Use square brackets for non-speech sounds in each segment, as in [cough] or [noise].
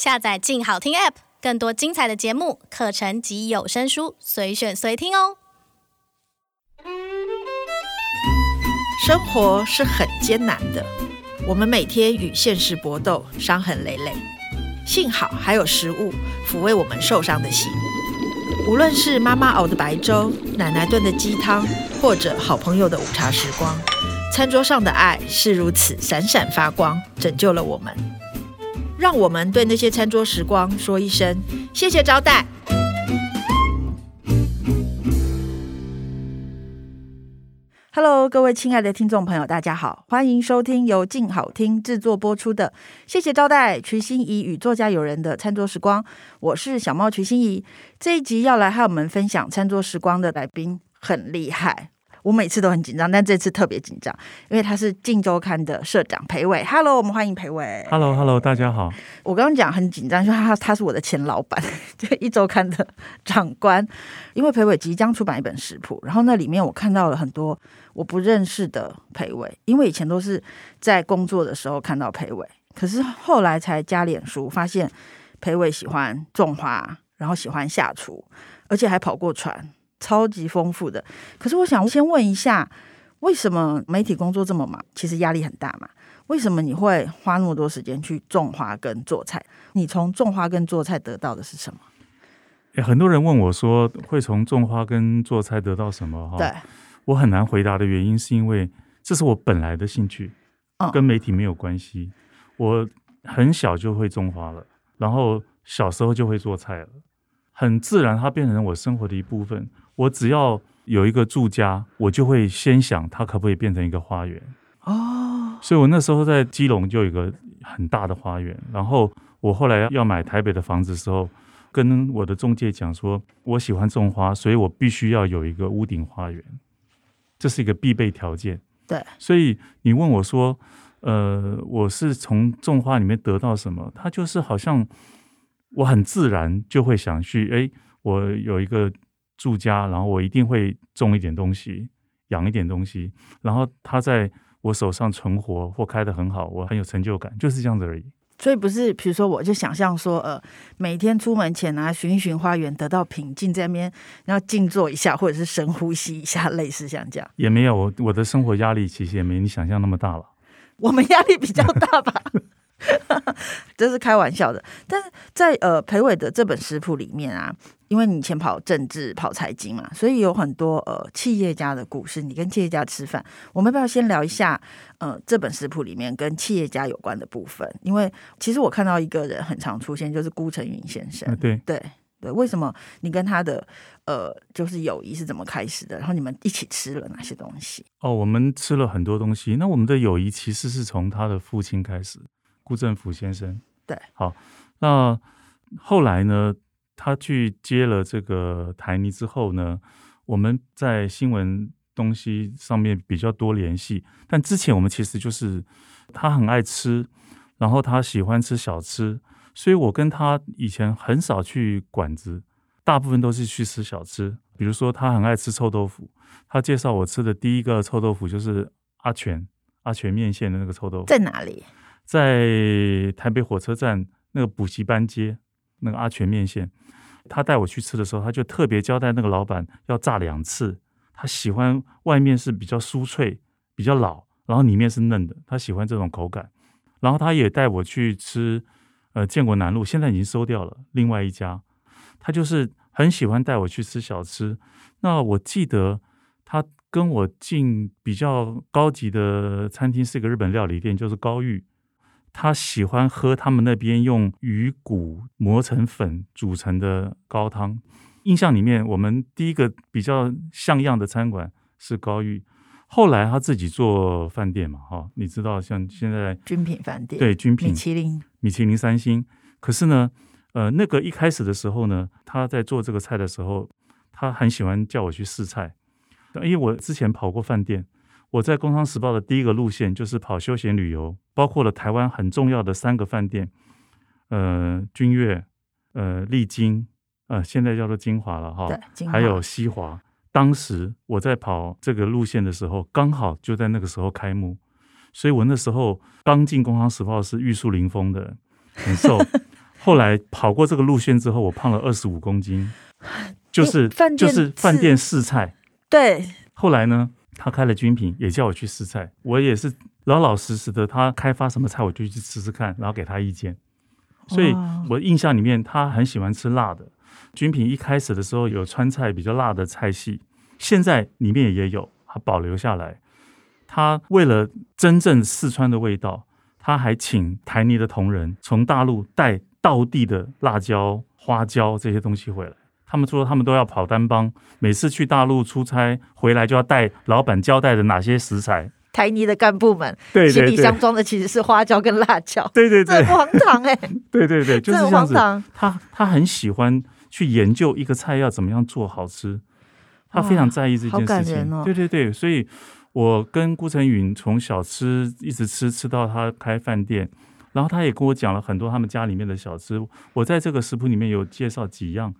下載“鏡好聽 ”App，更多精彩的節目、課程及有聲書，隨選隨聽哦。生活是很艱難的，我們每天與現實搏鬥，傷痕累累。幸好還有食物撫慰我們受傷的心，無論是媽媽熬的白粥、奶奶燉的雞湯，或者好朋友的午茶時光，餐桌上的愛是如此閃閃發光，拯救了我們。讓我們對那些餐桌時光說一聲謝謝招待。Hello，各位親愛的聽眾朋友，大家好，歡迎收聽由靜好聽制作播出的《謝謝招待》瞿欣怡與作家友人的餐桌時光。我是小貓瞿欣怡，這一集要來和我們分享餐桌時光的來賓很厲害。我每次都很緊張，但這次特別緊張，因為他是《鏡週刊》的社長裴偉。Hello，我們歡迎裴偉。Hello，Hello，hello, 大家好。我剛剛講很緊張，就他他是我的前老板，對《壹週刊》的長官。因為裴偉即將出版一本食譜，然後那裡面我看到了很多我不認識的裴偉，因為以前都是在工作的時候看到裴偉，可是後來才加臉書，發現裴偉喜歡種花，然後喜歡下廚，而且還跑過船。超級豐富的，可是我想先問一下，為什麼媒體工作這麼忙？其實壓力很大嘛？為什麼你會花那麼多時間去種花跟做菜？你從種花跟做菜得到的是什麼？欸，很多人問我說，會從種花跟做菜得到什麼？哈，對，我很難回答的原因是因為這是我本來的興趣，跟媒體沒有關係，嗯。我很小就會種花了，然後小時候就會做菜了。很自然，它變成我生活的一部分。我只要有一個住家，我就會先想它可不可以變成一個花園哦。所以我那時候在基隆就有一個很大的花園。然後我後來要買台北的房子的時候，跟我的仲介講說，我喜歡種花，所以我必須要有一個屋頂花園，這是一個必備條件。對。所以你問我說，呃，我是從種花裡面得到什麼？它就是好像。我很自然就會想去，哎，我有一個住家，然後我一定會種一點東西，養一點東西，然後它在我手上存活或開得很好，我很有成就感，就是這樣子而已。所以不是，比如說，我就想象說，呃，每天出門前啊，巡一巡花園，得到平靜，在那邊然後靜坐一下，或者是深呼吸一下，類似像這樣。也沒有，我我的生活壓力其實也沒你想象那麼大了。我們壓力比較大吧。 [laughs] 哈哈哈，這是開玩笑的，但是在呃，裴偉的這本食譜裡面啊，因為你以前跑政治、跑財經嘛，所以有很多呃企業家的故事。你跟企業家吃飯，我們要不要先聊一下呃這本食譜裡面跟企業家有關的部分？因為其實我看到一個人很常出現，就是辜成允先生。呃、對對對，為什麼你跟他的呃就是友誼是怎麼開始的？然後你們一起吃了哪些東西？哦，我們吃了很多東西。那我們的友誼其實是從他的父親開始。辜振甫先生，對，好，那後來呢？他去接了這個台泥之後呢，我們在新聞東西上面比較多聯繫。但之前我們其實就是他很愛吃，然後他喜歡吃小吃，所以我跟他以前很少去館子，大部分都是去吃小吃。比如說，他很愛吃臭豆腐，他介紹我吃的第一個臭豆腐就是阿全阿全麵線的那個臭豆腐，在哪裡？在台北火車站那個補習班街那個阿全麵線，他帶我去吃的時候，他就特別交代那個老闆要炸兩次。他喜歡外面是比較酥脆，比較老，然後裡面是嫩的，他喜歡這種口感。然後他也帶我去吃，呃，建國南路現在已經收掉了。另外一家，他就是很喜歡帶我去吃小吃。那我記得他跟我進比較高級的餐廳，是一個日本料理店，就是高玉。他喜歡喝他們那邊用魚骨磨成粉煮成的高湯。印象裡面，我們第一個比較像樣的餐館是高玉。後來他自己做飯店嘛，哈，你知道，像現在君品飯店，對，君品，米其林。米其林三星。可是呢，呃，那個一開始的時候呢，他在做這個菜的時候，他很喜歡叫我去試菜，因為我之前跑過飯店。我在《工商時報》的第一個路線就是跑休閒旅遊，包括了台灣很重要的三個飯店，呃，君悅，呃，麗晶，呃，現在叫做晶華了哈，還有西華、嗯。當時我在跑這個路線的時候，剛好就在那個時候開幕，所以我那時候剛進《工商時報》是玉樹臨風的，很瘦。 [laughs] 後來跑過這個路線之後，我胖了二十五公斤，就是飯店就是飯店試菜。對，後來呢？他開了君品，也叫我去試菜。我也是老老實實的，他開發什麼菜我就去吃吃看，然後給他意見。所以我印象裡面，他很喜歡吃辣的。君品一開始的時候有川菜比較辣的菜系，現在裡面也有，他保留下來。他為了真正四川的味道，他還請台泥的同仁從大陸帶道地的辣椒、花椒這些東西回來。他們說他們都要跑單幫，每次去大陸出差回來就要帶老板交代的哪些食材。台泥的幹部們，對對對，行李箱裝的其實是花椒跟辣椒。對對對，這是黃糖、欸。唐哎！對對對，就是這樣子，這是黃糖。他他很喜歡去研究一個菜要怎麼樣做好吃，他非常在意這件事情。好感人哦、對對對，所以我跟顧成允從小吃一直吃吃到他開飯店，然後他也跟我講了很多他們家裡面的小吃。我在這個食譜裡面有介紹幾樣。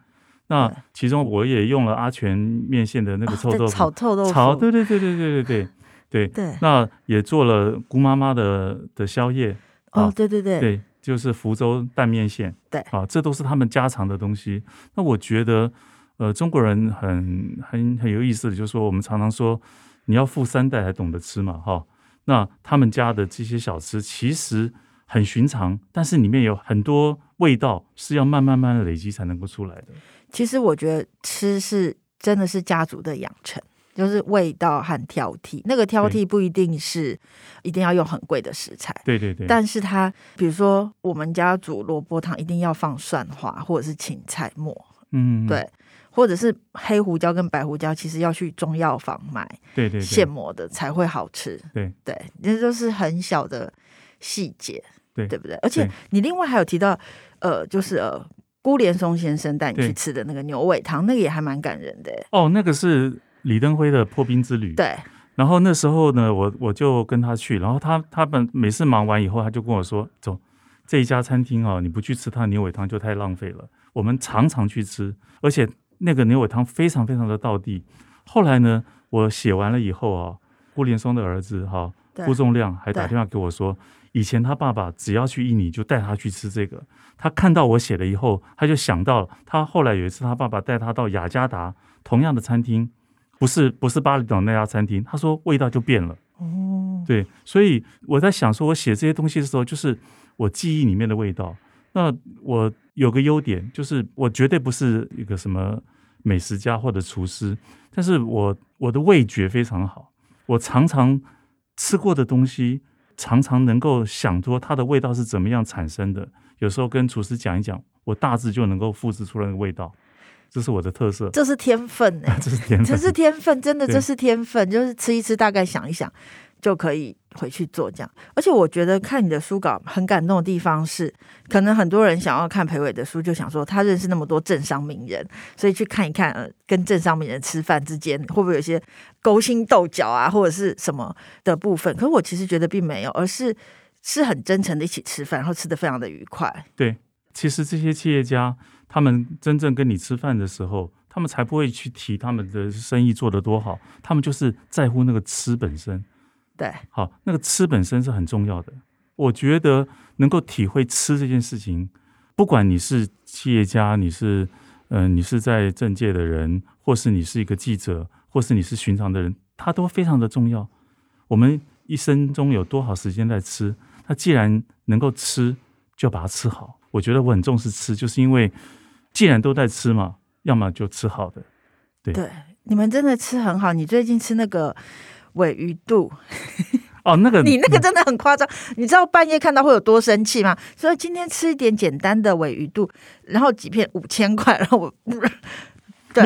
那其中我也用了阿全麵線的那個臭豆腐，哦、炒臭豆腐，對對對對對對對對對。那也做了姑媽媽的的宵夜哦，對對對對，就是福州拌麵線，對啊，這都是他們家常的東西。那我覺得，呃，中國人很很很有意思的，就是說我們常常說你要富三代還懂得吃嘛，哈、哦。那他們家的這些小吃其實很尋常，但是裡面有很多味道是要慢，慢慢慢的累積才能夠出來的。其實我覺得吃是真的是家族的養成，就是味道和挑剔。那個挑剔不一定是一定要用很貴的食材，對對對。但是它，比如說我們家煮蘿蔔湯，一定要放蒜花或者是芹菜末，嗯，對，或者是黑胡椒跟白胡椒，其實要去中藥房買，對對、對，現磨的才會好吃，對對，那、就、都是很小的細節，對，對不對？而且你另外還有提到，呃，就是呃。顧連松先生帶你去吃的那個牛尾湯，那個也還蠻感人的哦、欸。Oh, 那個是李登輝的破冰之旅。對，然後那時候呢，我我就跟他去，然後他他們每次忙完以後，他就跟我說：“走，這一家餐廳哦，你不去吃他的牛尾湯就太浪費了。”我們常常去吃，而且那個牛尾湯非常非常的道地。後來呢，我寫完了以後哦，顧連松的兒子哈顧仲亮還打電話給我說。以前他爸爸只要去印尼，就帶他去吃這個。他看到我寫了以後，他就想到他後來有一次，他爸爸帶他到雅加達同樣的餐廳，不是不是巴厘島那家餐廳。他說味道就變了。哦，對，所以我在想，說我寫這些東西的時候，就是我記憶裡面的味道。那我有個優點，就是我絕對不是一個什麼美食家或者廚師，但是我我的味覺非常好。我常常吃過的東西。常常能夠想說它的味道是怎麼樣產生的，有時候跟廚師講一講，我大致就能夠複製出來的味道，這是我的特色。這是天分，欸， [laughs] 這是天分， [laughs] 這是天分 [laughs] 這是天分，真的這是天分，就是吃一吃，大概想一想。就可以回去做這樣，而且我覺得看你的書稿很感動的地方是，可能很多人想要看裴偉的書，就想說他認識那麼多政商名人，所以去看一看，呃，跟政商名人吃飯之間會不會有一些勾心鬥角啊，或者是什麼的部分。可我其實覺得並沒有，而是是很真誠的一起吃飯，然後吃得非常的愉快。對，其實這些企業家他們真正跟你吃飯的時候，他們才不會去提他們的生意做得多好，他們就是在乎那個吃本身。對，好，那個吃本身是很重要的。我覺得能夠體會吃這件事情，不管你是企業家，你是嗯、呃，你是在政界的人，或是你是一個記者，或是你是尋常的人，它都非常的重要。我們一生中有多少時間在吃？那既然能夠吃，就把它吃好。我覺得我很重視吃，就是因為既然都在吃嘛，要麼就吃好的。對，對，你們真的吃很好。你最近吃那個。鮪魚肚哦，那個 [laughs] 你那個真的很誇張，你知道半夜看到會有多生氣嗎？所以今天吃一點簡單的鮪魚肚，然後幾片五千塊，然後我沒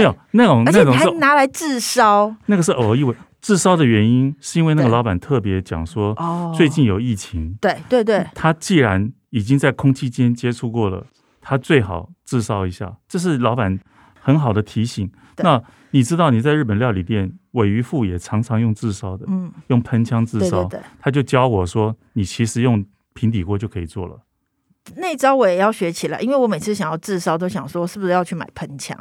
有那種，而且你還拿來自燒，那個是偶爾一為自燒的原因，是因為那個老闆特別講說，最近有疫情，對對對，他既然已經在空氣間接觸過了，他最好自燒一下，這是老闆很好的提醒。那。你知道你在日本料理店鮪魚腹也常常用炙燒的，嗯，用噴槍炙燒，對對對，他就教我說，你其實用平底鍋就可以做了。那招我也要學起來，因為我每次想要炙燒都想說是不是要去買噴槍，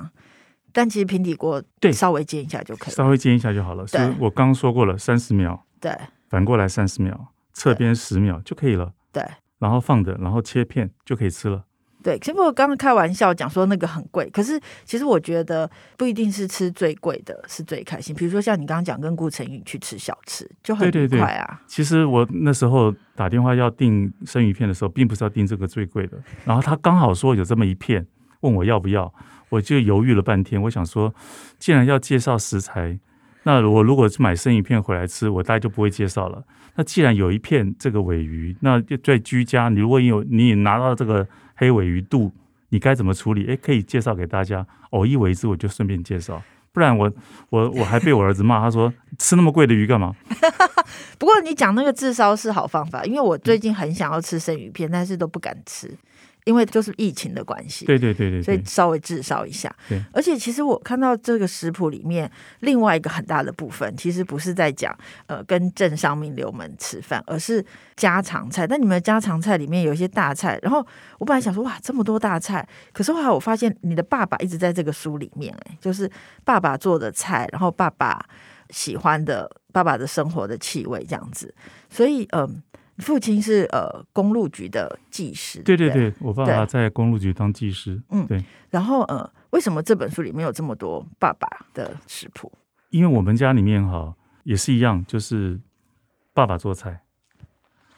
但其實平底鍋對稍微煎一下就可以，稍微煎一下就好了。所以我剛說過了30秒，三十秒對，反過來三十秒，側邊十秒就可以了。對，然後放着，然後切片就可以吃了。對，只不過我剛剛開玩笑講說那個很貴，可是其實我覺得不一定是吃最貴的是最開心。比如說像你剛剛講跟顧晨宇去吃小吃，就很愉快啊，對對對。其實我那時候打電話要訂生魚片的時候，並不是要訂這個最貴的。然後他剛好說有這麼一片，問我要不要，我就猶豫了半天。我想說，既然要介紹食材，那我如果是買生魚片回來吃，我大概就不會介紹了。那既然有一片這個鮪魚，那就在居家，你如果有你拿到這個。黑鮪魚肚，你該怎麼處理？誒，可以介紹給大家。偶一為之，我就順便介紹，不然我我我還被我兒子罵， [laughs] 他說吃那麼貴的魚幹嘛？ [laughs] 不過你講那個炙燒是好方法，因為我最近很想要吃生魚片，但是都不敢吃。因為就是疫情的關係，對對對對、對，所以稍微滯銷一下對對對。而且其實我看到這個食譜裡面另外一個很大的部分，其實不是在講呃跟政商名流們吃飯，而是家常菜。但你們家常菜裡面有一些大菜，然後我本來想說哇這麼多大菜，可是後來我發現你的爸爸一直在這個書裡面，就是爸爸做的菜，然後爸爸喜歡的爸爸的生活的氣味這樣子，所以嗯。呃父親是呃公路局的技師，對對對，對，我爸爸在公路局當技師，嗯對。然後呃，為什麼這本書裡面有這麼多爸爸的食譜？因為我們家裡面哈也是一樣，就是爸爸做菜。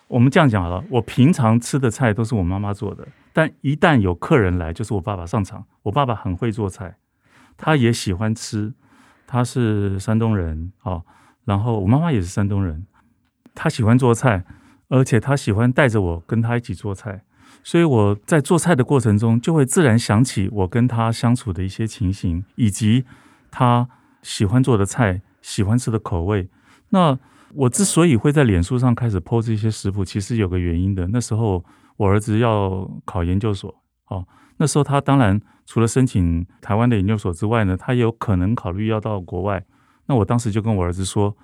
我們這樣講好了，我平常吃的菜都是我媽媽做的，但一旦有客人來，就是我爸爸上場。我爸爸很會做菜，他也喜歡吃。他是山東人啊，然後我媽媽也是山東人，她喜歡做菜。而且他喜歡帶着我跟他一起做菜，所以我在做菜的過程中就會自然想起我跟他相處的一些情形，以及他喜歡做的菜、喜歡吃的口味。那我之所以會在臉書上開始 post 一些食譜，其實有個原因的。那時候我兒子要考研究所，哦，那時候他當然除了申請台灣的研究所之外呢，他也有可能考慮要到國外。那我當時就跟我兒子說：“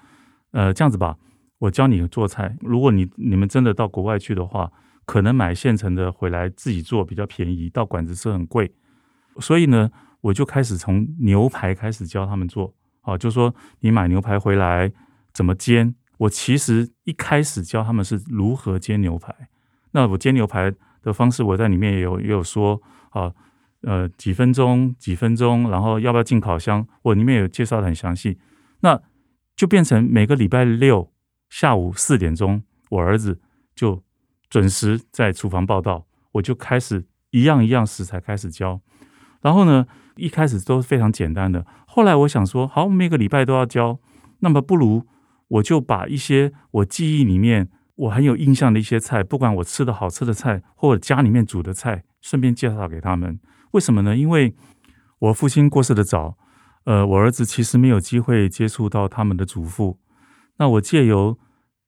呃，這樣子吧。”我教你做菜。如果你你們真的到國外去的話，可能買現成的回來自己做比較便宜，到館子吃很貴。所以呢，我就開始從牛排開始教他們做啊，就說你買牛排回來怎麼煎。我其實一開始教他們是如何煎牛排。那我煎牛排的方式，我在裡面也有也有說啊，呃，幾分鐘，幾分鐘，然後要不要進烤箱？我裡面也有介紹得很詳細。那就變成每個禮拜六。下午四點鐘，我兒子就準時在廚房報到，我就開始一樣一樣食材開始教。然後呢，一開始都是非常簡單的。後來我想說，好，每個禮拜都要教，那麼不如我就把一些我記憶裡面我很有印象的一些菜，不管我吃的好吃的菜，或者家裡面煮的菜，順便介紹給他們。為什麼呢？因為我父親過世的早，呃，我兒子其實沒有機會接觸到他們的祖父。那我借由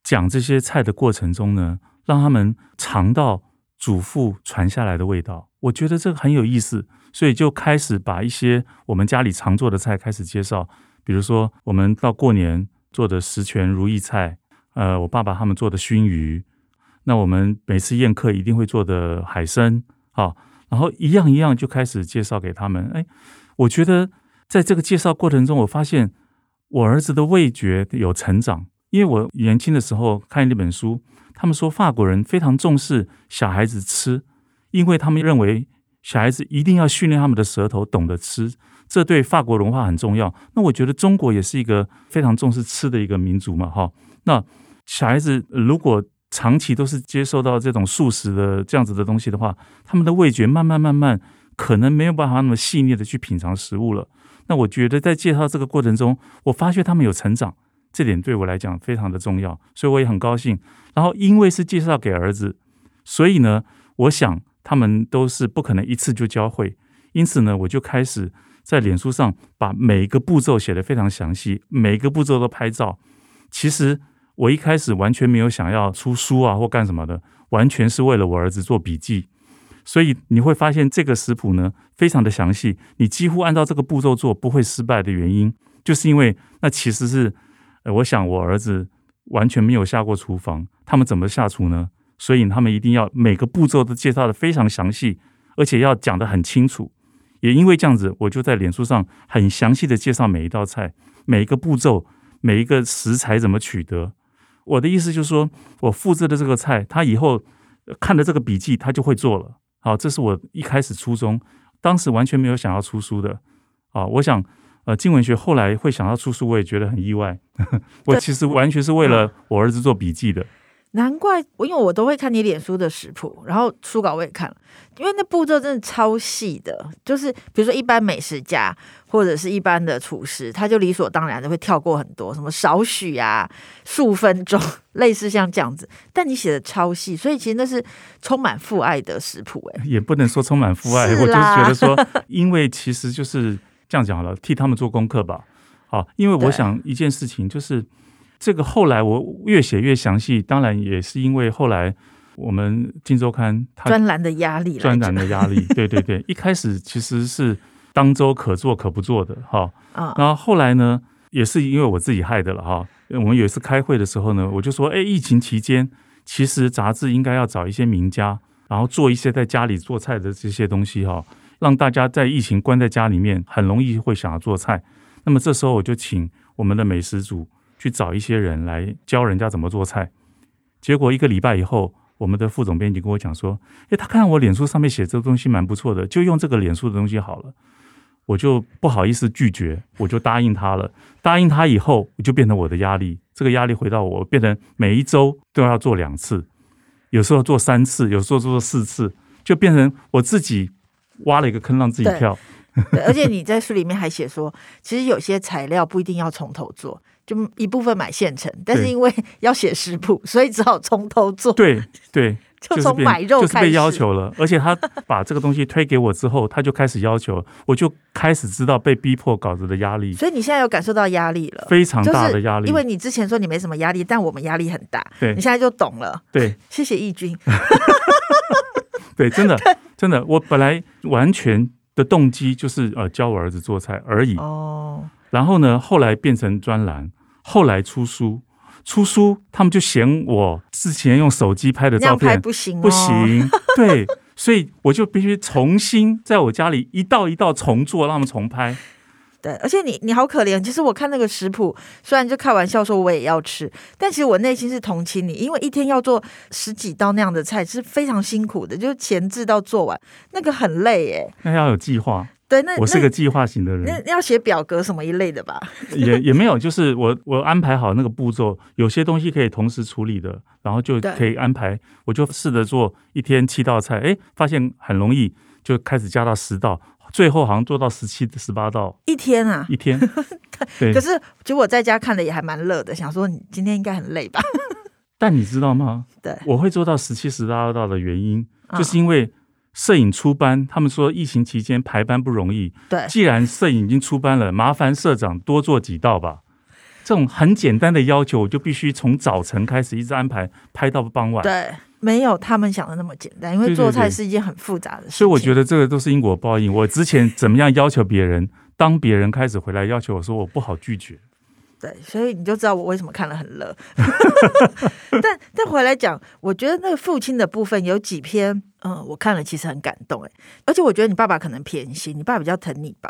講這些菜的過程中呢，讓他們嘗到祖父傳下來的味道，我覺得這個很有意思，所以就開始把一些我們家裡常做的菜開始介紹，比如說我們到過年做的十全如意菜，呃，我爸爸他們做的燻魚，那我們每次宴客一定會做的海參，好，然後一樣一樣就開始介紹給他們。哎，我覺得在這個介紹過程中，我發現。我兒子的味覺有成長，因為我年輕的時候看一本書，他們說法國人非常重視小孩子吃，因為他們認為小孩子一定要訓練他們的舌頭懂得吃，這對法國文化很重要。那我覺得中國也是一個非常重視吃的一個民族嘛，哈。那小孩子如果長期都是接受到這種素食的這樣子的東西的話，他們的味覺慢慢慢慢可能沒有辦法那麼細膩的去品嘗食物了。那我覺得在介紹這個過程中，我發覺他們有成長，這點對我來講非常的重要，所以我也很高興。然後因為是介紹給兒子，所以呢，我想他們都是不可能一次就教會，因此呢，我就開始在臉書上把每一個步驟寫得非常詳細，每一個步驟都拍照。其實我一開始完全沒有想要出書啊或幹什麼的，完全是為了我兒子做筆記。所以你會發現這個食譜呢，非常的詳細，你幾乎按照這個步驟做不會失敗的原因，就是因為那其實是，呃，我想我兒子完全沒有下過廚房，他們怎麼下廚呢？所以他們一定要每個步驟都介紹得非常詳細，而且要講得很清楚。也因為這樣子，我就在臉書上很詳細的介紹每一道菜、每一個步驟、每一個食材怎麼取得。我的意思就是說，我複製的這個菜，他以後看的這個筆記，他就會做了。好，這是我一開始初衷，當時完全沒有想要出書的。啊，我想，呃，鏡文學後來會想要出書，我也覺得很意外。 [laughs] 我其實完全是為了我兒子做筆記的。難怪，因為我都會看你臉書的食譜，然後書稿我也看了，因為那步驟真的超細的。就是比如說，一般美食家或者是一般的廚師，他就理所當然的會跳過很多，什麼少許啊、數分鐘，類似像這樣子。但你寫的超細，所以其實那是充滿父愛的食譜。哎，也不能說充滿父愛，我就是覺得說，因為其實就是這樣講好了，替他們做功課吧。好，因為我想一件事情就是。這個後來我越寫越詳細，當然也是因為後來我們《鏡週刊》它專欄的壓力，專欄的壓力。 [laughs] 對對對，一開始其實是當周可做可不做的哈 [laughs] 然後後來呢，也是因為我自己害的了哈。我們有一次開會的時候呢，我就說，哎，疫情期間其實雜志應該要找一些名家，然後做一些在家裡做菜的這些東西哈，讓大家在疫情關在家裡面很容易會想要做菜。那麼這時候我就請我們的美食組。去找一些人來教人家怎麼做菜，結果一個禮拜以後，我們的副總編輯跟我講說：“誒，他看我臉書上面寫這個東西蠻不錯的，就用這個臉書的東西好了。”我就不好意思拒絕，我就答應他了。答應他以後，我就變成我的壓力。這個壓力回到我，變成每一周都要做兩次，有時候做三次，有時候做四次，就變成我自己挖了一個坑讓自己跳。 [laughs] 而且你在書裡面還寫說，其實有些材料不一定要從頭做。就一部分買現成，但是因為要寫食譜，所以只好從頭做。對對， [laughs] 就從買肉開始就是被，就是、被要求了。 [laughs] 而且他把這個東西推給我之後，他就開始要求，我就開始知道被逼迫稿子的壓力。所以你現在有感受到壓力了，非常大的壓力。就是、因為你之前說你沒什麼壓力，但我們壓力很大。對你現在就懂了。對， [laughs] 謝謝軼君。 [laughs] [laughs] 對，真的真的，我本來完全的動機就是呃教我兒子做菜而已。哦，然後呢，後來變成專欄。後來出書，出書他們就嫌我之前用手機拍的照片不行哦，不行，對，所以我就必須重新在我家裡一道一道重做，讓他們重拍。對，而且你你好可憐。其實我看那個食譜，雖然就開玩笑說我也要吃，但其實我內心是同情你，因為一天要做十幾道那樣的菜是非常辛苦的，就是前置到做完那個很累誒。那要有計劃。對，那，那我是個計劃型的人那。那要寫表格什麼一類的吧？ [laughs] 也也沒有，就是我我安排好那個步驟，有些東西可以同時處理的，然後就可以安排。我就試着做一天七道菜，誒，發現很容易就開始加到十道。最後好像做到十七、十八道一天啊，一天。對， [laughs] 可是其實我在家看的也還蠻樂的，想說你今天應該很累吧。但你知道嗎？對，我會做到十七、十八道的原因，就是因為攝影出班，他們說疫情期間排班不容易。對，既然攝影已經出班了，麻煩社長多做幾道吧。這種很簡單的要求，我就必須從早晨開始一直安排拍到傍晚。對，沒有他們想的那麼簡單，因為做菜是一件很複雜的事情。對、對、對，所以我覺得這個都是因果報應。我之前怎麼樣要求別人，當別人開始回來要求我說，我不好拒絕。對，所以你就知道我為什麼看了很樂。 [laughs] [laughs] [laughs] 但但回來講，我覺得那個父親的部分有幾篇，嗯，我看了其實很感動哎。而且我覺得你爸爸可能偏心，你爸爸比較疼你吧。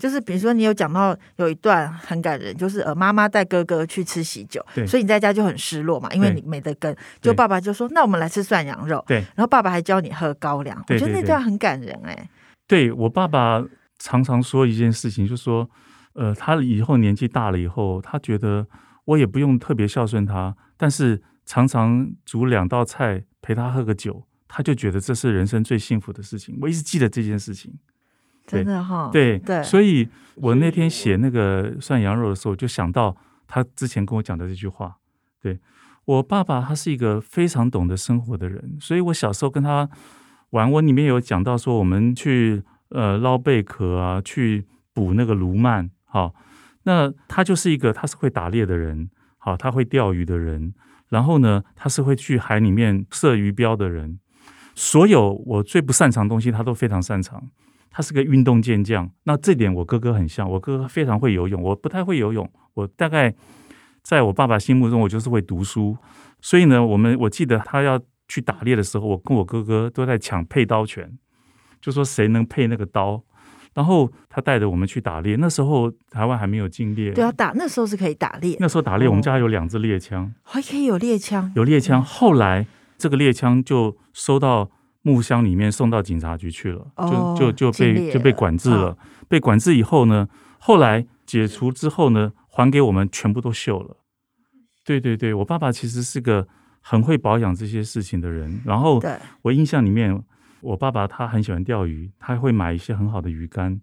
就是比如說，你有講到有一段很感人，就是呃，媽媽帶哥哥去吃喜酒，對，所以你在家就很失落嘛，因為你沒得跟。就爸爸就說：“那我們來吃涮羊肉。”對，然後爸爸還教你喝高粱。我覺得那段很感人哎。對，對，對。對，我爸爸常常說一件事情，就是說，呃，他以後年紀大了以後，他覺得我也不用特別孝順他，但是常常煮兩道菜陪他喝個酒，他就覺得這是人生最幸福的事情。我一直記得這件事情。真的哈、哦，對對，所以我那天寫那個涮羊肉的時候，就想到他之前跟我講的這句話。對我爸爸，他是一個非常懂得生活的人，所以我小時候跟他玩，我裡面有講到說，我們去呃撈貝殼啊，去捕那個鱸鰻。好，那他就是一個他是會打獵的人，好，他會釣魚的人，然後呢，他是會去海裡面射魚鏢的人，所有我最不擅長的東西，他都非常擅長。他是個運動健將，那這點我哥哥很像。我哥哥非常會游泳，我不太會游泳。我大概在我爸爸心目中，我就是會讀書。所以呢，我們我記得他要去打獵的時候，我跟我哥哥都在搶配刀權，就說誰能配那個刀。然後他帶着我們去打獵，那時候台灣還沒有禁獵。對啊，打，那時候是可以打獵。那時候打獵，我們家有兩支獵槍，哦，還可以有獵槍，有獵槍。後來這個獵槍就收到木箱裡面送到警察局去了，oh, 就就就被就被管制了。被管制以後呢，後來解除之後呢，還給我們全部都鏽了。對對對，我爸爸其實是個很會保養這些事情的人。然後我印象裡面，我爸爸他很喜歡釣魚，他會買一些很好的魚竿。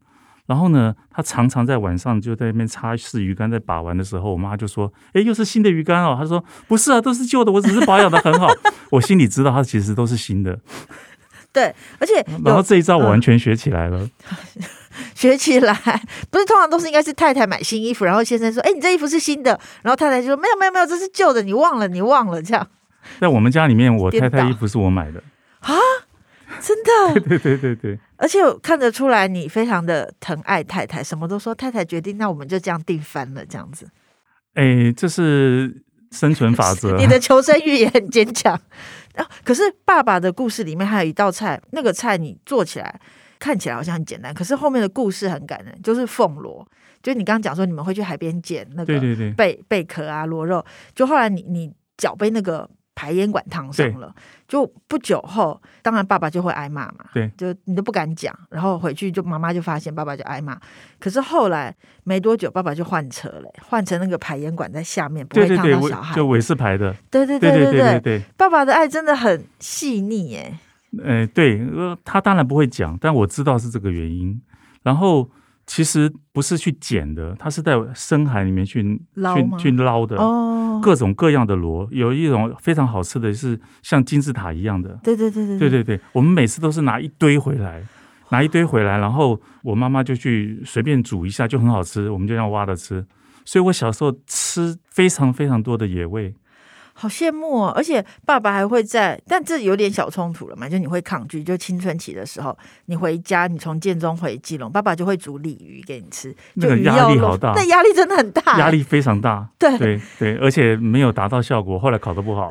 然後呢，他常常在晚上就在那邊擦拭魚竿，在把玩的時候，我媽就說：“哎，又是新的魚竿哦。”他說：“不是啊，都是舊的，我只是保養得很好。 [laughs] ”我心裡知道它其實都是新的。 [laughs] 對，而且然後這一招我完全學起來了，嗯、學起來不是通常都是應該是太太買新衣服，然後先生說：“哎，你這衣服是新的。”然後太太就說：“沒有，沒有，沒有，這是舊的，你忘了，你忘了。”這樣在我們家裡面，我太太衣服是我買的啊。真的，對對對對對，而且我看得出來你非常的疼愛太太，什麼都說太太決定，那我們就這樣定翻了這樣子。哎、欸，這是生存法則， [laughs] 你的求生欲也很堅強。 [laughs] 可是爸爸的故事裡面還有一道菜，那個菜你做起來看起來好像很簡單，可是後面的故事很感人，就是鳳螺，就你剛剛講說你們會去海邊撿那個貝對對對貝殼啊，螺肉，就後來你你腳被那個。排煙管燙傷了，就不久後，當然爸爸就會挨罵嘛。對，就你都不敢講，然後回去就媽媽就發現爸爸就挨罵。可是後來沒多久，爸爸就換車了，換成那個排煙管在下面對對對，不會燙到小孩。就尾氣排的。對對對對對對，對對對對對對。爸爸的愛真的很細膩耶。哎、呃，對、呃，他當然不會講，但我知道是這個原因。然後。其實不是去撿的，它是在深海裡面去撈嗎？去撈的、oh. 各種各樣的螺，有一種非常好吃的是像金字塔一樣的，對對對對對對對。我們每次都是拿一堆回來，拿一堆回來，然後我媽媽就去隨便煮一下就很好吃，我們就這樣挖着吃。所以我小時候吃非常非常多的野味。好羨慕哦，而且爸爸還會在，但這有點小衝突了嘛？就你會抗拒，就青春期的時候，你回家，你從建中回基隆，爸爸就會煮鯉魚給你吃。你、那個壓力好大，但壓力真的很大、欸，壓力非常大。對對對，而且沒有達到效果，後來考得不好。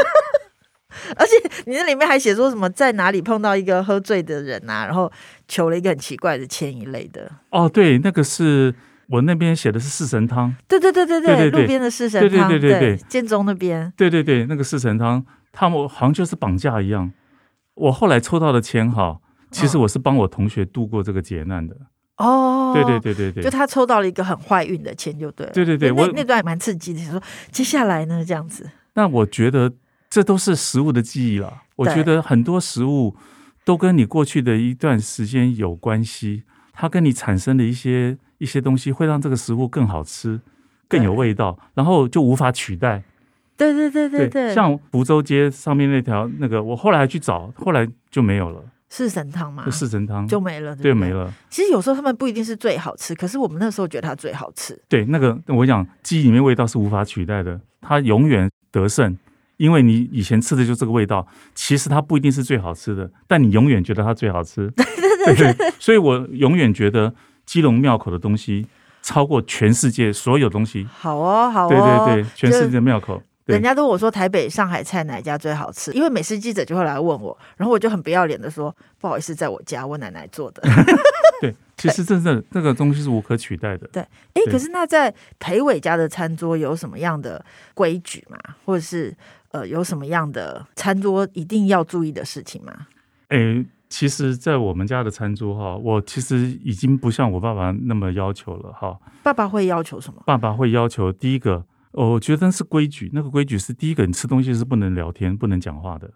[laughs] [laughs] 而且你那裡面還寫說什麼在哪裡碰到一個喝醉的人啊，然後求了一個很奇怪的籤一類的。哦，對，那個是。我那邊寫的是四神湯，對對對對對，對對對，路邊的四神湯，對對對對，對，建中那邊，對對對，那個四神湯，他們好像就是綁架一樣。我後來抽到的籤哈，其實我是幫我同學度過這個劫難的。哦，對對對對對，就他抽到了一個很壞運的籤，就對了。對對對，那我那段還蠻刺激的，就是說接下來呢這樣子。那我覺得這都是食物的記憶了。我覺得很多食物都跟你過去的一段時間有關係，它跟你產生的一些。一些東西會讓這個食物更好吃，更有味道，欸、然後就無法取代。對對對對對，像福州街上面那條那個，我後來還去找，後來就沒有了。四神湯嘛，就四神湯就沒了。對，沒了。其實有時候他們不一定是最好吃，可是我們那時候覺得它最好吃。對，那個我跟你講記憶裡面味道是無法取代的，它永遠得勝，因為你以前吃的就是這個味道。其實它不一定是最好吃的，但你永遠覺得它最好吃。 [laughs] 對，對，對，對對對，所以我永遠覺得。基隆廟口的東西超過全世界所有東西。好哦，好哦，對對對，全世界的廟口，人家都，我說台北上海菜哪家最好吃，因為美食記者就會來問我，然後我就很不要臉的說，不好意思，在我家我奶奶做的。 [laughs] [laughs] 對，其實真正那個東西是無可取代的。對，哎、欸，可是那在裴偉家的餐桌有什麼樣的規矩嗎？或者是呃有什麼樣的餐桌一定要注意的事情嗎？哎、欸。其實，在我們家的餐桌哈，我其實已經不像我爸爸那麼要求了哈。爸爸會要求什麼？爸爸會要求第一個，我覺得是規矩。那個規矩是第一個，你吃東西是不能聊天，不能講話的。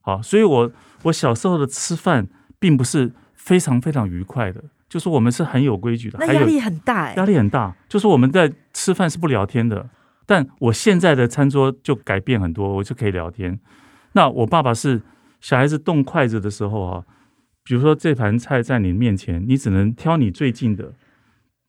好，所以我我小時候的吃飯並不是非常非常愉快的，就是我們是很有規矩的，那壓力很大，欸、還有，壓力很大。就是我們在吃飯是不聊天的，但我現在的餐桌就改變很多，我就可以聊天。那我爸爸是。小孩子動筷子的時候啊，比如說，這盤菜在你面前，你只能挑你最近的，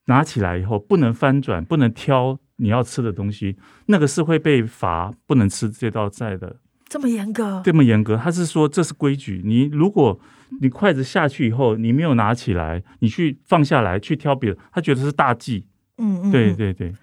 拿起來以後不能翻轉，不能挑你要吃的東西，那個是會被罰不能吃這道菜的。這麼嚴格？這麼嚴格，他是說，這是規矩。你如果你筷子下去以後你沒有拿起來，你去放下來去挑別的，他覺得是大忌。嗯嗯，嗯，對對對。對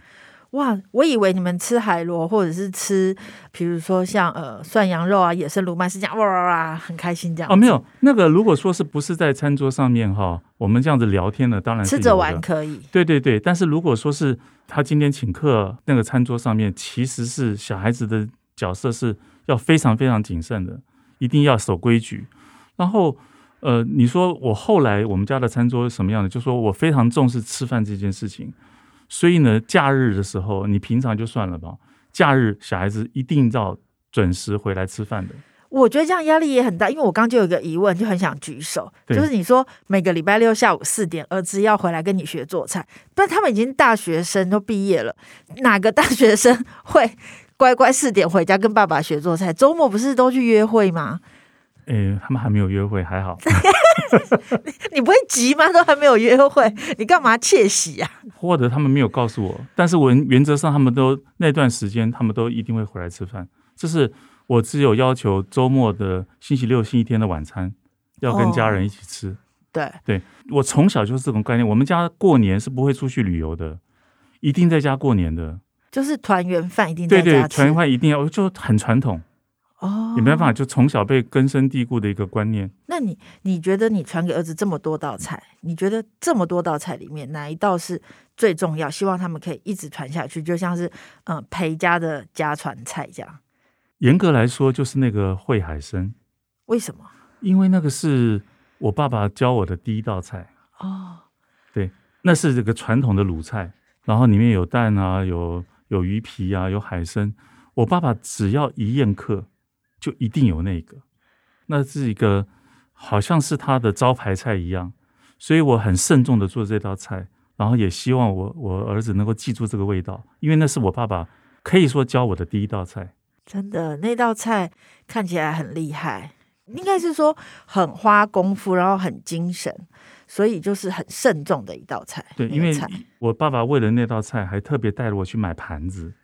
哇，我以為你們吃海螺或者是吃，比如說像呃涮羊肉啊、野生魯麥是這樣哇哇哇，很開心這樣。哦，沒有，那個如果說是不是在餐桌上面哈，我們這樣子聊天呢，當然吃着玩可以。對對對，但是如果說是他今天請客，那個餐桌上面其實是小孩子的角色是要非常非常謹慎的，一定要守規矩。然後呃，你說我後來我們家的餐桌是什麼樣的？就說我非常重視吃飯這件事情。所以呢，假日的時候，你平常就算了吧。假日小孩子一定要準時回來吃飯的。我覺得這樣壓力也很大，因為我剛剛就有一個疑問，就很想舉手，就是你說每個禮拜六下午四點兒子要回來跟你學做菜，但他們已經大學生都畢業了，哪個大學生會乖乖四點回家跟爸爸學做菜？週末不是都去約會嗎？哎、欸，他們還沒有約會，還好。 [laughs] [laughs] 你不會急嗎？都還沒有約會，你幹嘛竊喜呀、啊？或者他們沒有告訴我，但是我原則上他們都那段時間他們都一定會回來吃飯。這是我只有要求周末的星期六、星期天的晚餐要跟家人一起吃。Oh, 對對，我從小就是這種概念。我們家過年是不會出去旅遊的，一定在家過年的，就是團圓飯一定在家吃對對，團圓飯一定要就很傳統。哦，你沒辦法，就從小被根深蒂固的一個觀念。那你你覺得你傳給兒子這麼多道菜，你覺得這麼多道菜裡面哪一道是最重要？希望他們可以一直傳下去，就像是嗯裴、呃、家的家傳菜這樣。嚴格來說，就是那個燴海參。為什麼？因為那個是我爸爸教我的第一道菜。哦、oh.，對，那是這個傳統的魯菜，然後裡面有蛋啊，有有魚皮啊，有海參。我爸爸只要一宴客，就一定有那個，那是一個好像是他的招牌菜一樣，所以我很慎重的做這道菜，然後也希望我我兒子能夠記住這個味道，因為那是我爸爸可以說教我的第一道菜。真的，那道菜看起來很厲害，應該是說很花功夫，然後很精神，所以就是很慎重的一道菜。對，那個、因為我爸爸為了那道菜，還特別帶了我去買盤子。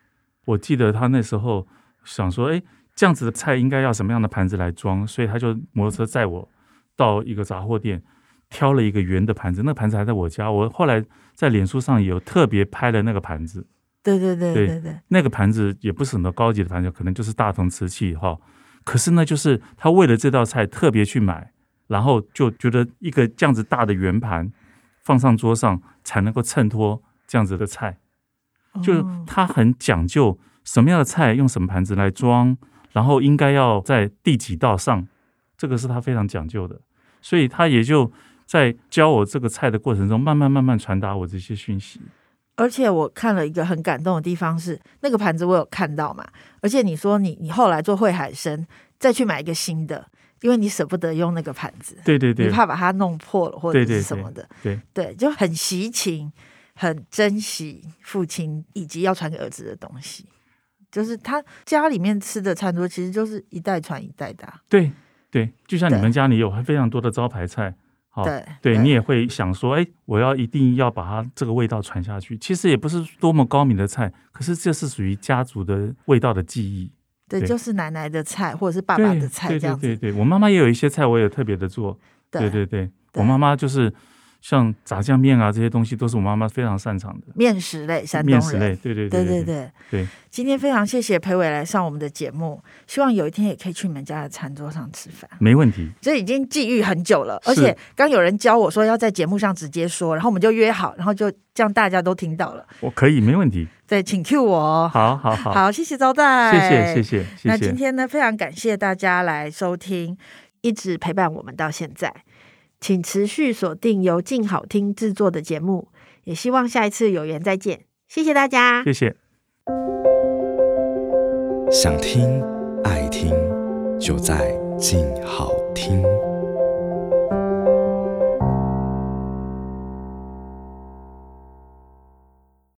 我記得他那時候想說：“哎、欸。”這樣子的菜應該要什麼樣的盤子來裝？所以他就摩托車載我到一個雜貨店，挑了一個圓的盤子。那盤子還在我家，我後來在臉書上也有特別拍了那個盤子。對對對對對，那個盤子也不是什麼高級的盤子，可能就是大同瓷器哈。可是呢，就是他為了這道菜特別去買，然後就覺得一個這樣子大的圓盤放上桌上才能夠襯托這樣子的菜，就是他很講究什麼樣的菜用什麼盤子來裝。哦。嗯然後應該要在第幾道上，這個是他非常講究的，所以他也就在教我這個菜的過程中，慢慢慢慢傳達我這些訊息。而且我看了一個很感動的地方是，那個盤子我有看到嘛。而且你說你你後來做燴海參再去買一個新的，因為你舍不得用那個盤子，對對對，你怕把它弄破了或者是什麼的，對對、對、對、對，就很惜情，很珍惜父親以及要傳給兒子的東西。就是他家裡面吃的餐桌，其實就是一代傳一代的啊，對。對對，就像你們家裡有非常多的招牌菜，好對、哦、對、對，你也會想說，哎，我要一定要把它這個味道傳下去。其實也不是多麼高明的菜，可是這是屬於家族的味道的記憶。對，對，就是奶奶的菜，或者是爸爸的菜，這樣子。對對，對、對、對，我媽媽也有一些菜，我也特別的做。對對對、對，我媽媽就是。像炸醬面啊，這些東西都是我媽媽非常擅長的麵食類。山東人，麵食類對對對對對,對,對,對。今天非常謝謝裴偉來上我們的節目，希望有一天也可以去你們家的餐桌上吃飯。沒問題，這已經覬覦很久了。而且剛有人教我說要在節目上直接說，然後我們就約好，然後就這樣大家都聽到了。我可以，沒問題。對，請 Q 我、哦。好好好，好謝謝招待，謝謝謝謝,謝謝。那今天呢，非常感謝大家來收聽，一直陪伴我們到現在。請持續鎖定由靜好聽製作的節目，也希望下一次有緣再見。謝謝大家，謝謝。想聽、愛聽，就在靜好聽。